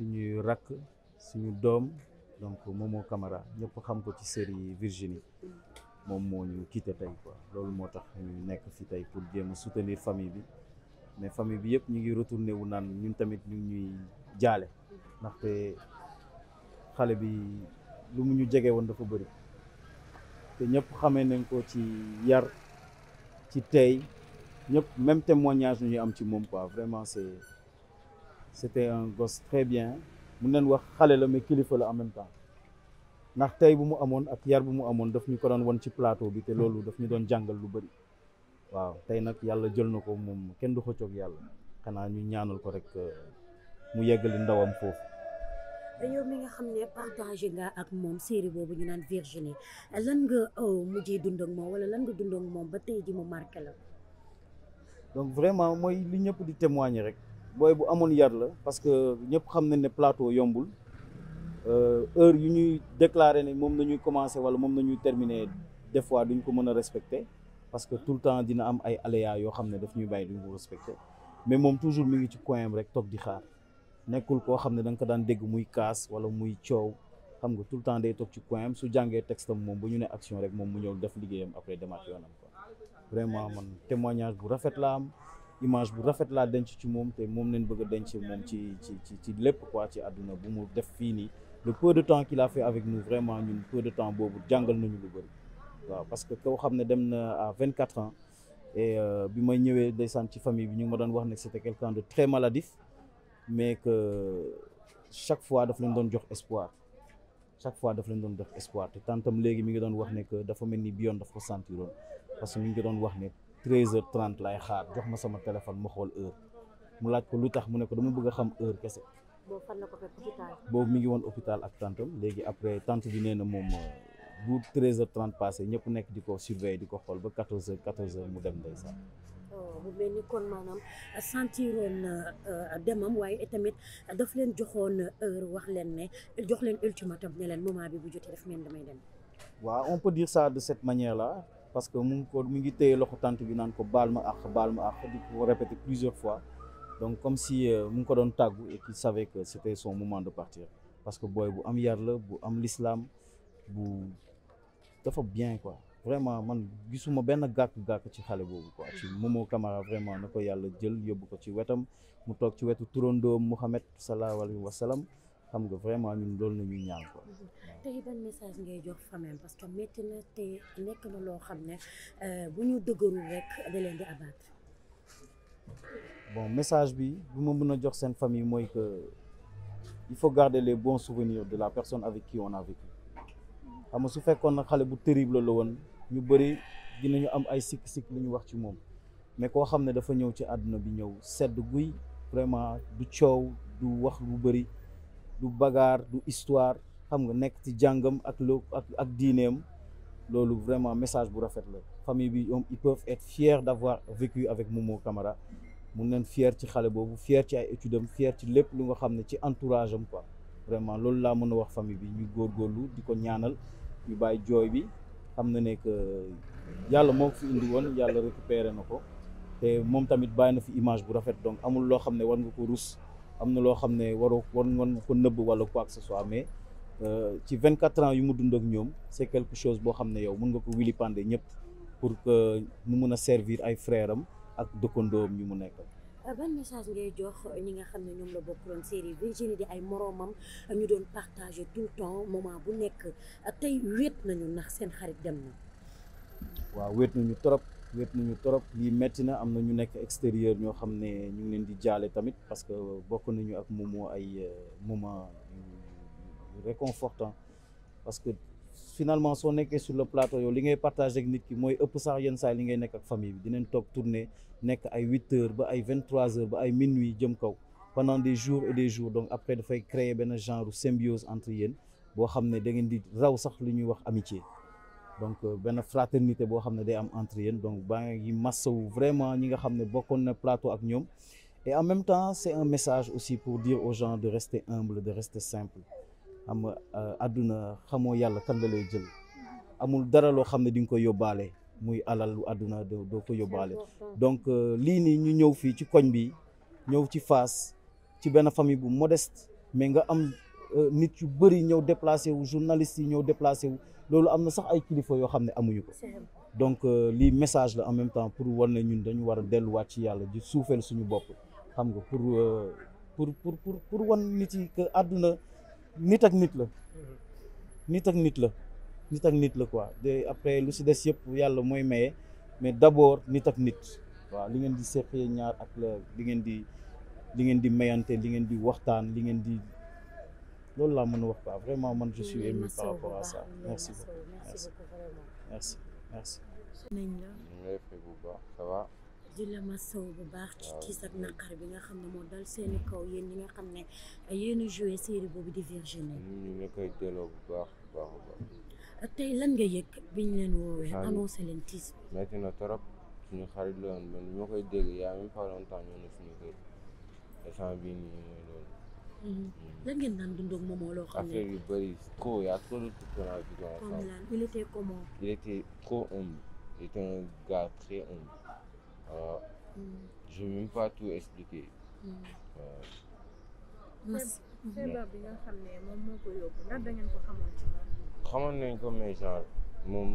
suñuy rakk suñu doom donc Momo Camara ñëpp xam ko ci série Virginie moom moo ñu quitté tey quoi loolu moo tax ñu nekk fi tey pour jéem a soutenir famille bi mais famille bi yëpp ñu ngi retourné wu naan ñun tamit ñu ñuy jaale ndaxte xale bi lu mu ñu jege woon dafa bëri te ñëpp xame nañ ko ci yar ci tey ñëpp même témoignage ñu am ci moom quoi c'était un gos très bien mun nañ wax xale la mais kilifa la en temps ndax tey bu mu amoon ak yar bu mu amoon daf ñu ko doon won ci plateau bi te loolu daf ñu doon jàngal lu bari waaw tey nag yàlla jël na ko moom kenn du xëccoog yàlla xanaa ñu ñaanul ko rek euh, mu yeggali ndawam foofu. yow mi nga xam ne partagé nga ak moom série boobu ñu naan Virginie lan nga euh, mujjee dund ak moom wala lan nga dund moom ba tey ji mu marqué la. donc vraiment mooy li ñëpp di témoigner rek. booy bu amoon yar la parce que ñëpp xam nañ ne plateau yombul euh, heure yu ñuy déclarer ne moom nañuy commencer wala moom nañuy terminer des fois duñ ko mën a respecter parce que tout le temps dina am ay aléas yoo xam ne daf ñu bàyyi duñ ko respecter mais moom toujours mu ngi ci coin am rek toog di xaar nekkul koo xam ne danga nga ko daan dégg muy kaas wala muy coow xam nga tout le temps day toog ci coin am su jàngee texte am moom ba ñu ne action rek moom mu ñëw def liggéeyam après demaat yoonam quoi vraiment image bu rafet laa denc ci moom te moom leen bëgg a denc moom ci ci ci ci lépp quoi ci àdduna bu mu def fii nii le peu de temps qu'il a fait avec nous vraiment ñun peu de temps boobu jàngal nañu lu bëri waaw parce que koo xam ne dem na vingt quatre ans euh, bi may ñëwee ndeysaan ci famille bi ñu ngi ma doon wax ne c'était quelqu'un de très maladif mais que chaque fois daf leen doon jox espoir chaque fois daf leen doon jox espoir te tantam léegi mi ngi doon wax ne que dafa mel ni bi yoon daf ko sentiroon parce que mi doon wax ne treize heures trente lay xaar jox ma sama téléphone ma xool heure mu laaj ko lu tax mu ne ko dama bëgg xam heure kese. boobu fan mi ngi woon hôpital ak tantam léegi après tant bi nee na moom euh, bu treize heures trente passé ñëpp nekk di ko surveiller di ko xool ba quatorze heures quatorze heures dem ndeysaan. bu oh, mel ni kon maanaam sentiroon euh, demam waaye tamit daf leen joxoon heure wax leen ne jox leen ultimatum ne leen moment bu jotee daf meen damay dem. waaw on peut dire ça de cette manière là. parce que mu ngi mu ngi téye loxo tànt bi naan ko baal ma àq baal ma àq di ko répéter plusieurs fois donc comme si euh, mu ngi ko doon tàggu et qu'il savait que c'était son moment de partir parce que booy bu am yar la bu am lislaam bu dafa bien quoi vraiment man gisuma benn gàkk-gàkk ci xale boobu ko ci Momo Camara vraiment na ko yàlla jël yóbbu ko ci wetam mu toog ci wetu turandoom Mouhamed sallallahu alayhi wa xam nga vraiment ñun loolu la ñuy ñaan quoi. Mhm. tey ban message ngay jox famille parce que métti te nekk na loo xam ne euh, bu ñu dëgërul rek da di abattre. bon message bi bu ma mën a jox seen famille mooy que il faut garder les bons souvenirs de la personne avec qui on a xam nga su fekkoon nag xale bu terrible la woon ñu bëri dinañu am ay sikk-sikk lu wax ci moom mais koo xam ne dafa ñëw ci àdduna bi ñëw sedd guy vraiment du coow du wax lu bëri. du bagar du histoire xam nga nekk ci jàngam ak loo ak ak diineem loolu vraiment message bu rafet la famille bi ñoom ils peuvent être fiers d'avoir vécu avec Momo Camara mun nañ fier ci xale boobu fier ci ay études am ci lépp lu nga xam ne ci entourage am quoi vraiment loolu laa mën a wax famille bi ñu góor góorlu di ko ñaanal ñu bàyyi jooy bi xam na ne que yàlla moo fi indi woon yàlla récupéré na ko te moom tamit bàyyi na fi image bu rafet donc amul loo xam ne war nga ko rus am na loo xam ne waroo war nga ko nëbb wala ko que ce soit mais euh, ci vingt quatre ans yu mu dund ak ñoom c'est quelque chose boo xam ne yow mën nga ko wili pandé ñëpp pour que mu mën a servir ay frères ak dëkkandoom ñu mu nekkal. Euh, ban message ngay jox ñi nga xam ne ñoom la bokkaloon série Virginie di ay moroomam ñu doon partager tout le temps moment bu nekk tey wéet nañu ndax seen xarit dem na. waaw wéet nañu trop. wéet nañu trop lii metti na am na ñu nekk extérieur ñoo xam ne ñu ngi leen di jaale tamit parce que bokk nañu ak Momo ay euh, moment réconfortant parce que finalement soo nekkee sur le plateau yow li ngay partage ak nit ki mooy ëpp sax yenn saa li ngay nekk ak famille bi dinañ toog tourner nekk ay huit heures ba ay vingt trois heures ba ay minuit jëm kaw pendant des jours et des jours donc après dafay créer benn genre symbiose entre yéen boo xam ne da ngeen di raw sax li ñuy wax amitié donc euh, benn fraternité boo xam ne day am entre yéen donc baa ngi massawu vraiment ñi nga xam ne bokkoon na plateau ak ñoom et en même temps c'est un message aussi pour dire aux gens de rester humble de rester simple xam adduna euh, àdduna xamoo yàlla kan la lay jël amul dara loo xam ne di nga ko yóbbaale muy alal lu àdduna doo ko yóbbaale donc euh, lii nii ñu ñëw fii ci koñ bi ñëw ci Fass ci benn famille bu modeste mais nga am Euh, nit yu bëri ñëw déplacé wu journalistes yi ñëw déplacé wu loolu am na sax ay kilifa yoo xam ne amuñu ko donc euh, lii message la en même temps pour war na ñun dañu war a delluwaat ci yàlla di suufeel suñu bopp xam nga pour euh, pour pour pour pour wan nit yi que àdduna nit ak nit la nit ak nit la nit ak nit la quoi de après lu si des yëpp yàlla mooy maye mais d'abord nit ak nit waaw li ngeen di seqee ñaar ak la li ngeen di li ngeen di mayante li ngeen di waxtaan li ngeen di loolu laa mën wax quoi vraiment man je suis ému par rapport à ça merci beaucoup merci merci merci. nañ la. ñu ngi lay fay bu baax ça va. di la ma saw bu baax ci ah, tiis ak naqar bi nga xam ne moo dal seeni kaw yéen ñi nga xam ne yéen a joué série boobu di Virginie. ñu ngi koy delloo bu baax bu baax bu baax. tey lan nga yëg biñ leen woowee annoncé leen tiis bi. metti na trop suñu xarit la woon man bi ma koy dégg yaa même pas longtemps ñoo ne suñu kër instant bii nii mooy loolu. Mm-hmm. lan ngeen naan dund ak Momo loo xam ne affaire yu bëri ko il était comment. il était trop humble. il était un euh, mm. je ne vais tout expliquer. Mm. Euh, mm-hmm. nga xam ne moom moo ko yóbbu ndax da ngeen ko nañ ko mais genre moom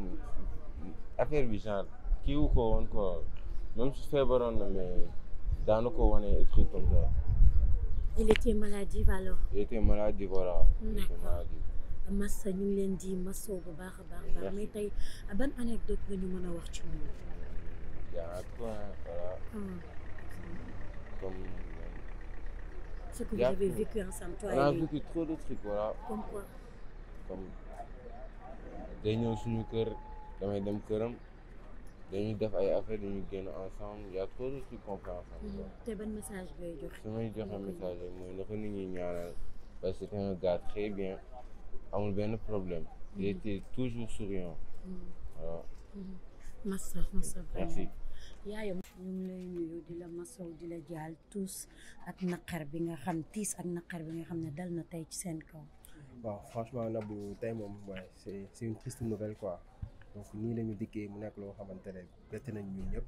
affaire bi genre kii wu ko woon ko même su feebaroon il était maladif alors. il était maladif voilà. Massa ñu ngi leen di masoo bu baax a baax. baax mais tey ban anecdote nga ñu mën a wax ci moom. yaa voilà. Ah. comme. ce que comme comme day ñëw suñu kër damay dem këram. dañuy def ay affaire dañuy génn ensemble y a trop de trucs qu'on ensemble. te ban message ngay jox. su may joxe message mooy na ko nit ñi ñaanal parce que c'est un gars très bien amul benn problème il mm-hmm. était toujours souriant. Mm-hmm. voilà. Mm-hmm. massa massa merci. yaayam ñu lay nuyu di la masaw di la jaal tuus ak naqar bi nga xam tiis ak naqar bi nga xam ne dal na tey ci seen kaw. waaw franchement Nabou tey moom waaye c'est c'est triste nouvelle quoi. donc nii la ñu dikkee mu nekk loo xamante ne bett nañ ñun ñëpp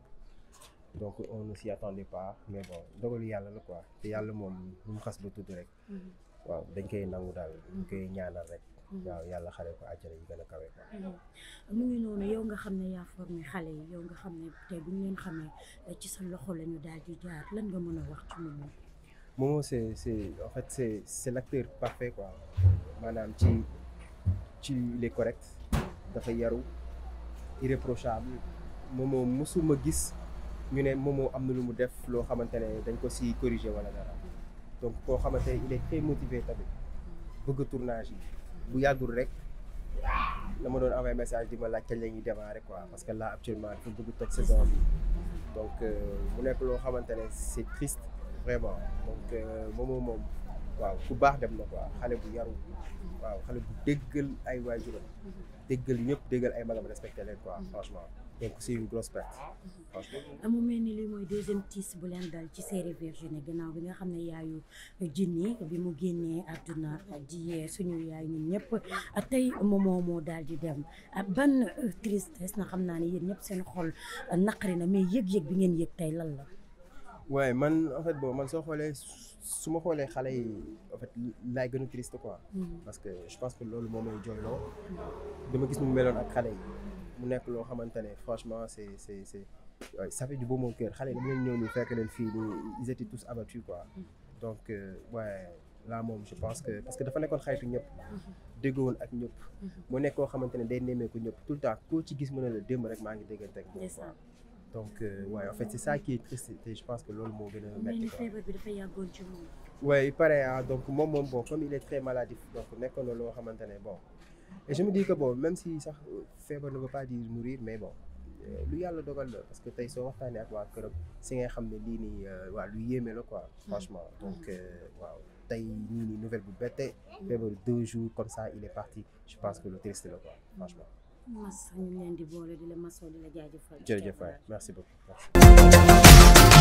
donc on ne s'y attendait mais bon dogalu yàlla la quoi te yàlla moom xas ba tudd rek. Mm-hmm. waaw dañ koy nangu daal ñu mm-hmm. koy ñaanal rek. Mm-hmm. waaw yàlla xale ko àjjana yi gën a kawe quoi. mu ngi noonu yow nga xam ne yaa a wax ci Momo. Momo c'est maanaam ci ci il est correct dafa yaru. irréprochable Momo ma gis ñu ne moom Momo am na lu mu def loo xamante ne dañ ko si corriger wala dara donc koo xamante ne il est très motivé tamit bëgg tournage yi bu yàggul rek ma doon envoyé message di ma laaj kañ la ñuy démarrer quoi parce que là actuellement dafa bëgg toj saison bi donc euh, mu nekk loo xamante ne c'est triste vraiment donc euh, Momo moom waaw ku baax dem na quoi xale bu yaru waaw xale bu déggal ay waajuram déggal ñëpp déggal ay magam respecté leen quoi mhm. franchement donc c'est une grosse perte franchement mu mel ni lii mooy deuxième tiis bu leen dal ci série Virginie gannaaw bi nga xam ne yaayu Djily bi mu génnee àdduna di suñu yaay ñun ñëpp tey moomoo moo daal di dem ban tristesse na xam naa ne yéen ñëpp seen xol naqari na mais yëg-yëg bi ngeen yëg tey lan la waaye man en fait bon man soo xoolee su ma xoolee xale yi en fait laay gën a triste mm-hmm. parce que je pense que loolu moo may jooyloo. dama gis mu meloon ak xale yi mu nekk loo xamante ne franchement c' est c' est c' est xale yi dama leen ñëw ñu fekk leen fii nii ils étaient tous abattus quoi. Mm-hmm. donc waaye euh, laa moom je pense que parce que dafa nekkoon xaytu ñëpp. Mm-hmm. déggoo woon ak ñëpp. mu nekk koo xamante ne day nemmeeku ñëpp tout le temps koo ci gis mën na la démb rek maa ngi déggante ak moom donc waaye euh, en fait c'est ça qui est triste je pense que loolu moo gën a metti feebar bi dafa yàggoon ci moom waaye pare ah donc moom moom boo comme il est très maladif donc nekkoon loo xamante ne bon et je me dis que bon même si sax euh, feebar ne veut pas dire mourir mais boo euh, lu yàlla dogal la parce que tey soo waxtaanee ak waa këram si ngay xam ne lii nii waaw lu yéeme la quoi hmm. franchement hmm. donc waaw tey nii nii nouvelle bu bette hmm. feebar deux jours comme ça il est parti je pense que lu triste la quoi mas ñu leen di boole di la masoo di la jaajëfal jërëjëf merci beaucoup